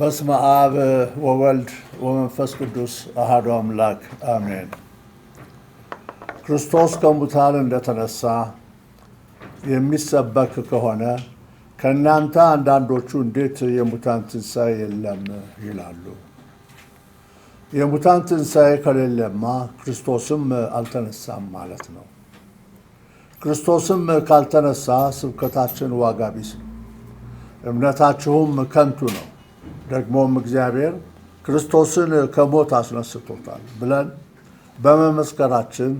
በስመ አብ ወወልድ ወመንፈስ ቅዱስ አሐዱ አምላክ አሜን። ክርስቶስ ከሙታን እንደተነሳ የሚሰበክ ከሆነ ከእናንተ አንዳንዶቹ እንዴት የሙታን ትንሣኤ የለም ይላሉ? የሙታን ትንሣኤ ከሌለማ ክርስቶስም አልተነሳም ማለት ነው። ክርስቶስም ካልተነሳ ስብከታችን ዋጋ ቢስ እምነታችሁም ከንቱ ነው። ደግሞም እግዚአብሔር ክርስቶስን ከሞት አስነስቶታል ብለን በመመስከራችን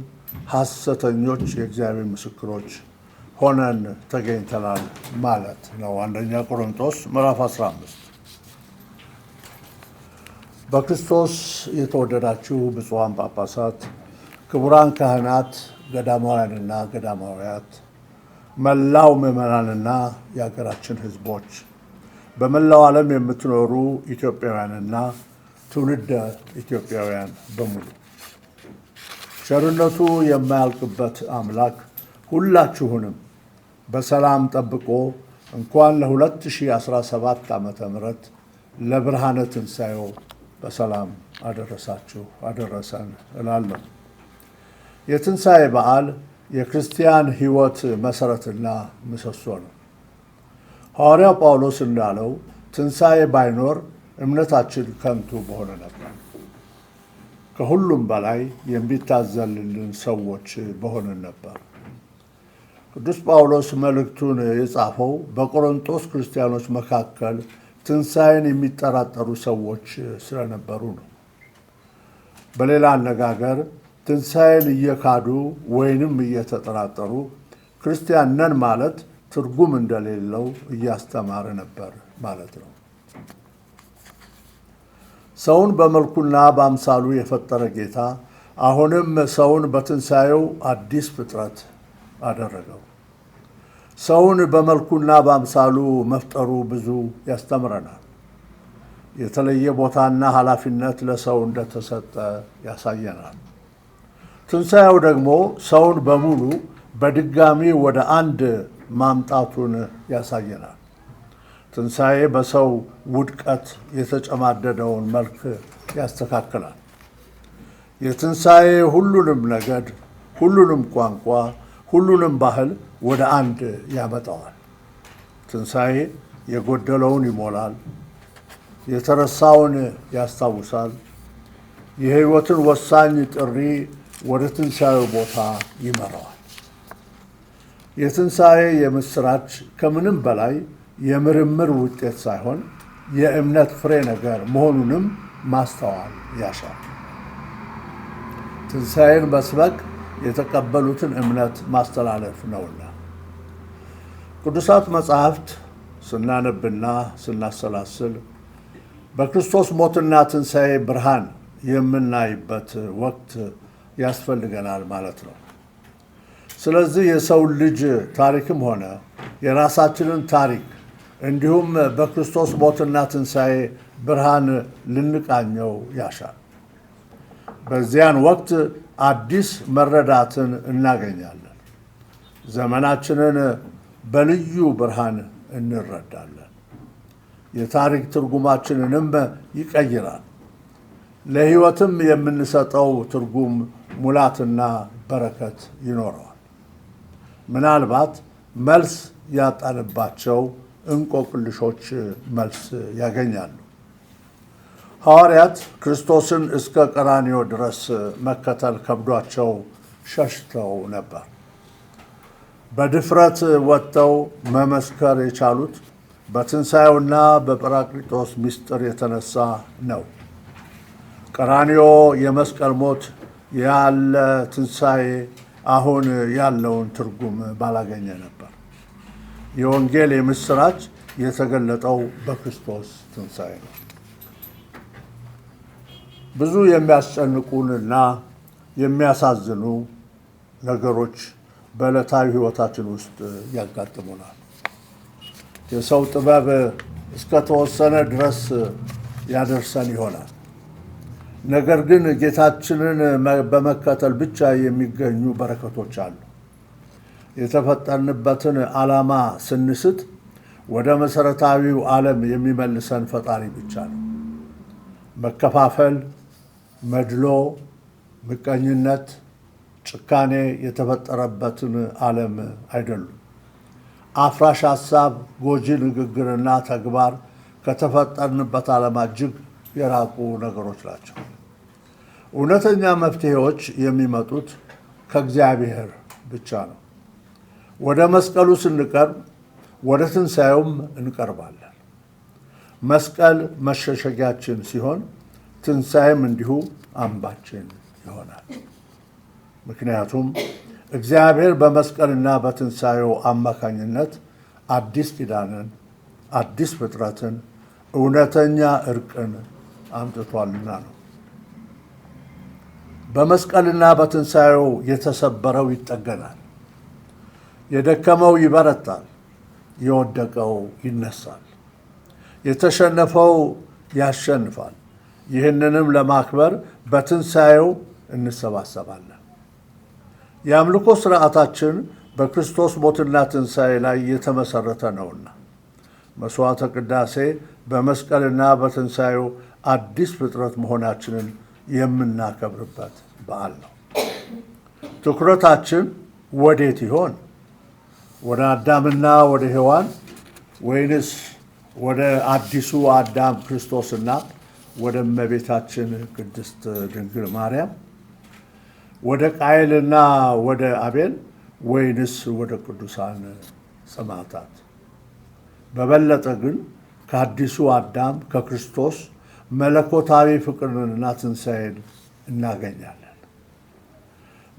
ሐሰተኞች የእግዚአብሔር ምስክሮች ሆነን ተገኝተናል ማለት ነው። አንደኛ ቆሮንቶስ ምዕራፍ 15 በክርስቶስ የተወደዳችሁ ብፁዓን ጳጳሳት፣ ክቡራን ካህናት፣ ገዳማውያንና ገዳማውያት፣ መላው ምዕመናንና የሀገራችን ሕዝቦች በመላው ዓለም የምትኖሩ ኢትዮጵያውያንና ትውልደ ኢትዮጵያውያን በሙሉ ቸርነቱ የማያልቅበት አምላክ ሁላችሁንም በሰላም ጠብቆ እንኳን ለ2017 ዓ ም ለብርሃነ ትንሣኤው በሰላም አደረሳችሁ አደረሰን እላለሁ። የትንሣኤ በዓል የክርስቲያን ሕይወት መሠረትና ምሰሶ ነው። ሐዋርያው ጳውሎስ እንዳለው ትንሣኤ ባይኖር እምነታችን ከንቱ በሆነ ነበር። ከሁሉም በላይ የሚታዘልልን ሰዎች በሆነን ነበር። ቅዱስ ጳውሎስ መልእክቱን የጻፈው በቆሮንቶስ ክርስቲያኖች መካከል ትንሣኤን የሚጠራጠሩ ሰዎች ስለነበሩ ነው። በሌላ አነጋገር ትንሣኤን እየካዱ ወይንም እየተጠራጠሩ ክርስቲያን ነን ማለት ትርጉም እንደሌለው እያስተማረ ነበር ማለት ነው። ሰውን በመልኩና በአምሳሉ የፈጠረ ጌታ አሁንም ሰውን በትንሣኤው አዲስ ፍጥረት አደረገው። ሰውን በመልኩና በአምሳሉ መፍጠሩ ብዙ ያስተምረናል። የተለየ ቦታና ኃላፊነት ለሰው እንደተሰጠ ያሳየናል። ትንሣኤው ደግሞ ሰውን በሙሉ በድጋሚ ወደ አንድ ማምጣቱን ያሳየናል። ትንሣኤ በሰው ውድቀት የተጨማደደውን መልክ ያስተካክላል። የትንሣኤ ሁሉንም ነገድ፣ ሁሉንም ቋንቋ፣ ሁሉንም ባህል ወደ አንድ ያመጣዋል። ትንሣኤ የጎደለውን ይሞላል፣ የተረሳውን ያስታውሳል። የሕይወትን ወሳኝ ጥሪ ወደ ትንሣኤው ቦታ ይመራዋል። የትንሣኤ የምሥራች ከምንም በላይ የምርምር ውጤት ሳይሆን የእምነት ፍሬ ነገር መሆኑንም ማስተዋል ያሻል። ትንሣኤን መስበክ የተቀበሉትን እምነት ማስተላለፍ ነውና ቅዱሳት መጻሕፍት ስናነብና ስናሰላስል በክርስቶስ ሞትና ትንሣኤ ብርሃን የምናይበት ወቅት ያስፈልገናል ማለት ነው። ስለዚህ የሰው ልጅ ታሪክም ሆነ የራሳችንን ታሪክ እንዲሁም በክርስቶስ ሞትና ትንሣኤ ብርሃን ልንቃኘው ያሻል። በዚያን ወቅት አዲስ መረዳትን እናገኛለን። ዘመናችንን በልዩ ብርሃን እንረዳለን። የታሪክ ትርጉማችንንም ይቀይራል። ለሕይወትም የምንሰጠው ትርጉም ሙላትና በረከት ይኖረዋል። ምናልባት መልስ ያጣንባቸው እንቆቅልሾች መልስ ያገኛሉ። ሐዋርያት ክርስቶስን እስከ ቀራኒዮ ድረስ መከተል ከብዷቸው ሸሽተው ነበር። በድፍረት ወጥተው መመስከር የቻሉት በትንሣኤውና በጰራቅሊጦስ ምስጢር የተነሳ ነው። ቀራኒዮ የመስቀል ሞት ያለ ትንሣኤ አሁን ያለውን ትርጉም ባላገኘ ነበር። የወንጌል የምስራች የተገለጠው በክርስቶስ ትንሣኤ ነው። ብዙ የሚያስጨንቁንና የሚያሳዝኑ ነገሮች በዕለታዊ ሕይወታችን ውስጥ ያጋጥሙናል። የሰው ጥበብ እስከተወሰነ ድረስ ያደርሰን ይሆናል። ነገር ግን ጌታችንን በመከተል ብቻ የሚገኙ በረከቶች አሉ። የተፈጠርንበትን ዓላማ ስንስት ወደ መሰረታዊው ዓለም የሚመልሰን ፈጣሪ ብቻ ነው። መከፋፈል፣ መድሎ፣ ምቀኝነት፣ ጭካኔ የተፈጠረበትን ዓለም አይደሉም። አፍራሽ ሀሳብ፣ ጎጂ ንግግርና ተግባር ከተፈጠርንበት ዓለም እጅግ የራቁ ነገሮች ናቸው። እውነተኛ መፍትሄዎች የሚመጡት ከእግዚአብሔር ብቻ ነው። ወደ መስቀሉ ስንቀርብ ወደ ትንሣኤውም እንቀርባለን። መስቀል መሸሸጊያችን ሲሆን፣ ትንሣኤም እንዲሁ አምባችን ይሆናል። ምክንያቱም እግዚአብሔር በመስቀልና በትንሣኤው አማካኝነት አዲስ ኪዳንን፣ አዲስ ፍጥረትን፣ እውነተኛ እርቅን አምጥቷልና ነው። በመስቀልና በትንሣኤው የተሰበረው ይጠገናል፣ የደከመው ይበረታል፣ የወደቀው ይነሳል፣ የተሸነፈው ያሸንፋል። ይህንንም ለማክበር በትንሣኤው እንሰባሰባለን። የአምልኮ ሥርዓታችን በክርስቶስ ሞትና ትንሣኤ ላይ የተመሠረተ ነውና መሥዋዕተ ቅዳሴ በመስቀልና በትንሣኤው አዲስ ፍጥረት መሆናችንን የምናከብርበት በዓል ነው። ትኩረታችን ወዴት ይሆን? ወደ አዳምና ወደ ሔዋን ወይንስ ወደ አዲሱ አዳም ክርስቶስና ወደ እመቤታችን ቅድስት ድንግል ማርያም? ወደ ቃየልና ወደ አቤል ወይንስ ወደ ቅዱሳን ሰማዕታት? በበለጠ ግን ከአዲሱ አዳም ከክርስቶስ መለኮታዊ ፍቅርንና ትንሣኤን እናገኛለን።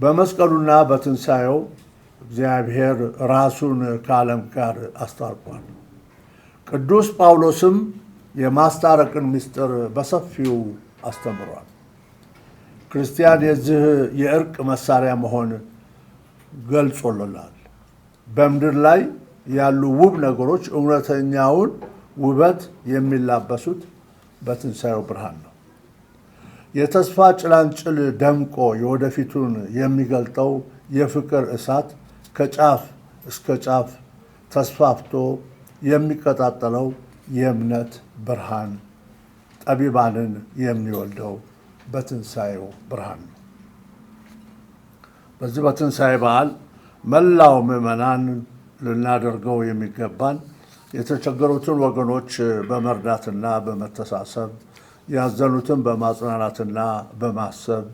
በመስቀሉና በትንሣኤው እግዚአብሔር ራሱን ከዓለም ጋር አስታርቋል። ቅዱስ ጳውሎስም የማስታረቅን ምስጢር በሰፊው አስተምሯል። ክርስቲያን የዚህ የእርቅ መሳሪያ መሆን ገልጾልናል። በምድር ላይ ያሉ ውብ ነገሮች እውነተኛውን ውበት የሚላበሱት በትንሣኤው ብርሃን ነው። የተስፋ ጭላንጭል ደምቆ የወደፊቱን የሚገልጠው የፍቅር እሳት ከጫፍ እስከ ጫፍ ተስፋፍቶ የሚቀጣጠለው የእምነት ብርሃን ጠቢባንን የሚወልደው በትንሣኤው ብርሃን ነው። በዚህ በትንሣኤ በዓል መላው ምዕመናን ልናደርገው የሚገባን የተቸገሩትን ወገኖች በመርዳትና በመተሳሰብ ያዘኑትን በማጽናናትና በማሰብ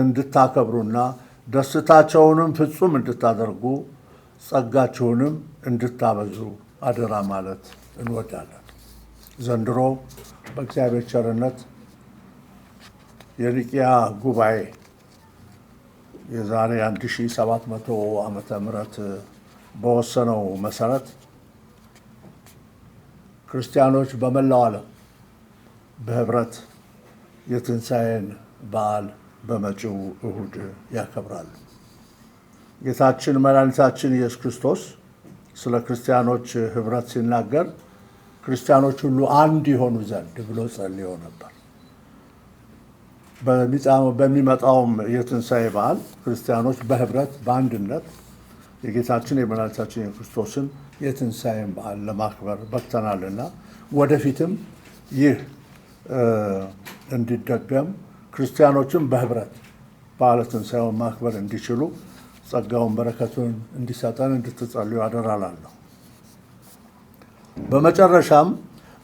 እንድታከብሩና ደስታቸውንም ፍጹም እንድታደርጉ ጸጋችሁንም እንድታበዙ አደራ ማለት እንወዳለን። ዘንድሮ በእግዚአብሔር ቸርነት የኒቅያ ጉባኤ የዛሬ 1700 ዓመተ ምህረት በወሰነው መሰረት ክርስቲያኖች በመላው ዓለም በህብረት የትንሣኤን በዓል በመጪው እሁድ ያከብራል። ጌታችን መድኃኒታችን ኢየሱስ ክርስቶስ ስለ ክርስቲያኖች ህብረት ሲናገር ክርስቲያኖች ሁሉ አንድ ይሆኑ ዘንድ ብሎ ጸልዮ ነበር። በሚመጣውም የትንሣኤ በዓል ክርስቲያኖች በህብረት በአንድነት የጌታችን የመድኃኒታችን የክርስቶስን የትንሣኤን በዓል ለማክበር በቅተናልና ወደፊትም ይህ እንዲደገም ክርስቲያኖችን በህብረት በዓለ ሳይሆን ማክበር እንዲችሉ ጸጋውን በረከቱን እንዲሰጠን እንድትጸልዩ አደራላለሁ። በመጨረሻም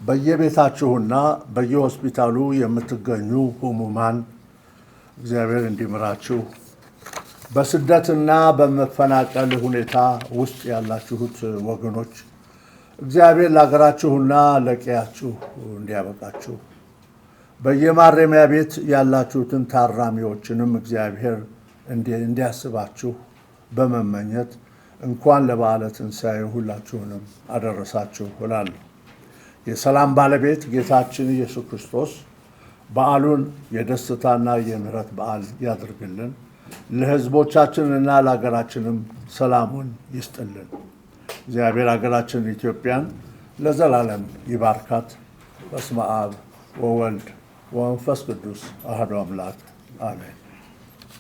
በየቤታችሁና በየሆስፒታሉ የምትገኙ ህሙማን እግዚአብሔር እንዲምራችሁ፣ በስደትና በመፈናቀል ሁኔታ ውስጥ ያላችሁት ወገኖች እግዚአብሔር ለሀገራችሁና ለቀያችሁ እንዲያበቃችሁ በየማረሚያ ቤት ያላችሁትን ታራሚዎችንም እግዚአብሔር እንዲያስባችሁ በመመኘት እንኳን ለበዓለ ትንሣኤ ሁላችሁንም አደረሳችሁ እላለሁ። የሰላም ባለቤት ጌታችን ኢየሱስ ክርስቶስ በዓሉን የደስታና የምሕረት በዓል ያድርግልን። ለሕዝቦቻችንና ለሀገራችንም ሰላሙን ይስጥልን። እግዚአብሔር ሀገራችን ኢትዮጵያን ለዘላለም ይባርካት። በስመ አብ ወወልድ ወመንፈስ ቅዱስ አህዶ አምላክ አሜን።